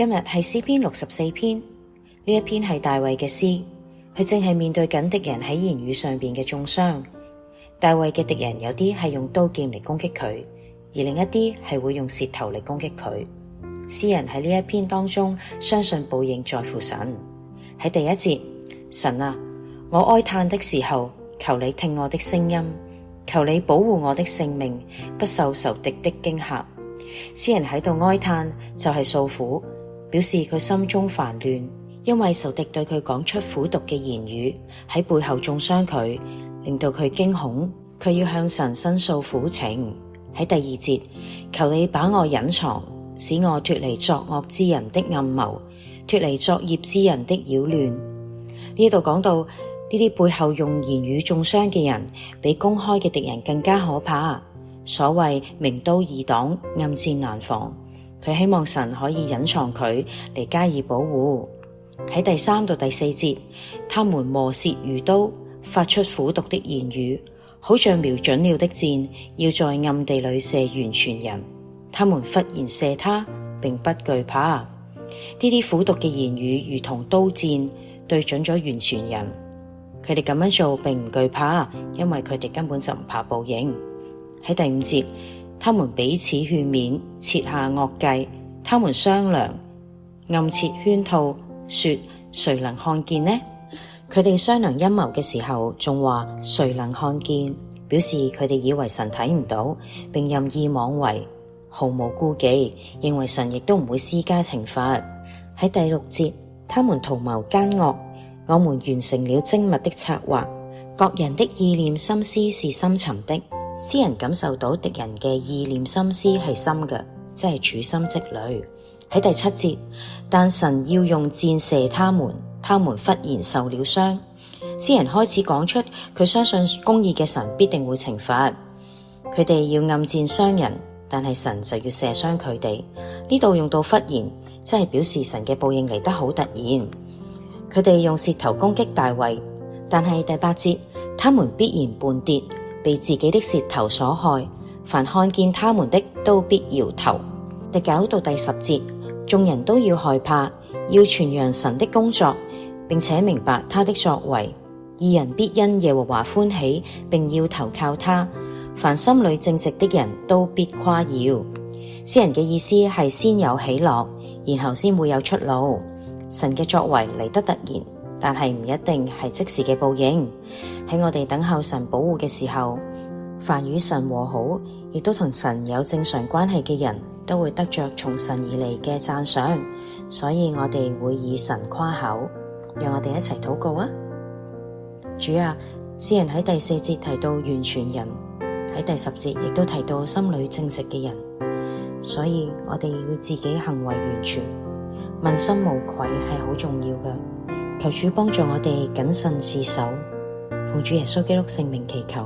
今日係詩篇六十四篇，呢一篇係大衛嘅詩，佢正係面對緊敵人喺言語上邊嘅重傷。大衛嘅敵人有啲係用刀劍嚟攻擊佢，而另一啲係會用舌頭嚟攻擊佢。詩人喺呢一篇當中相信報應在乎神。喺第一節，神啊，我哀嘆的時候，求你聽我的聲音，求你保護我的性命，不受仇敵的驚嚇。詩人喺度哀嘆就係訴苦。表示佢心中煩亂，因為仇敵對佢講出苦毒嘅言語，喺背後中傷佢，令到佢驚恐。佢要向神申訴苦情。喺第二節，求你把我隱藏，使我脫離作惡之人的暗謀，脫離作孽之人的擾亂。呢度講到呢啲背後用言語中傷嘅人，比公開嘅敵人更加可怕。所謂明刀易擋，暗箭難防。佢希望神可以隱藏佢嚟加以保護。喺第三到第四節，他們磨舌如刀，發出苦毒的言語，好像瞄準了的箭，要在暗地裏射完全人。他們忽然射他，並不懼怕。呢啲苦毒嘅言語如同刀箭，對準咗完全人。佢哋咁樣做並唔懼怕，因為佢哋根本就唔怕報應。喺第五節。他們彼此勸勉，設下惡計；他們商量，暗設圈套，說，誰能看見呢？佢哋商量陰謀嘅時候，仲話誰能看見？表示佢哋以為神睇唔到，並任意妄為，毫無顧忌，認為神亦都唔會施加懲罰。喺第六節，他們圖謀奸惡，我們完成了精密的策劃，各人的意念心思是深沉的。詩人感受到敵人嘅意念心思係深嘅，即係處心積慮。喺第七節，但神要用箭射他們，他們忽然受了傷。詩人開始講出佢相信公義嘅神必定會懲罰佢哋，他們要暗箭傷人，但係神就要射傷佢哋。呢度用到忽然，即係表示神嘅報應嚟得好突然。佢哋用舌頭攻擊大衛，但係第八節，他們必然絆跌。被自己的舌頭所害，凡看見他們的都必搖頭。第九到第十節，眾人都要害怕，要傳揚神的工作，並且明白他的作為。義人必因耶和華歡喜，並要投靠他。凡心裏正直的人都必誇耀。詩人嘅意思係先有喜樂，然後先會有出路。神嘅作為嚟得突然。但係唔一定係即時嘅報應。喺我哋等候神保護嘅時候，凡與神和好，亦都同神有正常關係嘅人都會得着從神而嚟嘅讚賞。所以我哋會以神誇口。讓我哋一齊禱告啊！主啊，詩人喺第四節提到完全人，喺第十節亦都提到心裏正直嘅人。所以我哋要自己行為完全，問心無愧係好重要嘅。求主幫助我哋謹慎自守，奉主耶穌基督聖名祈求，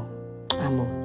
阿門。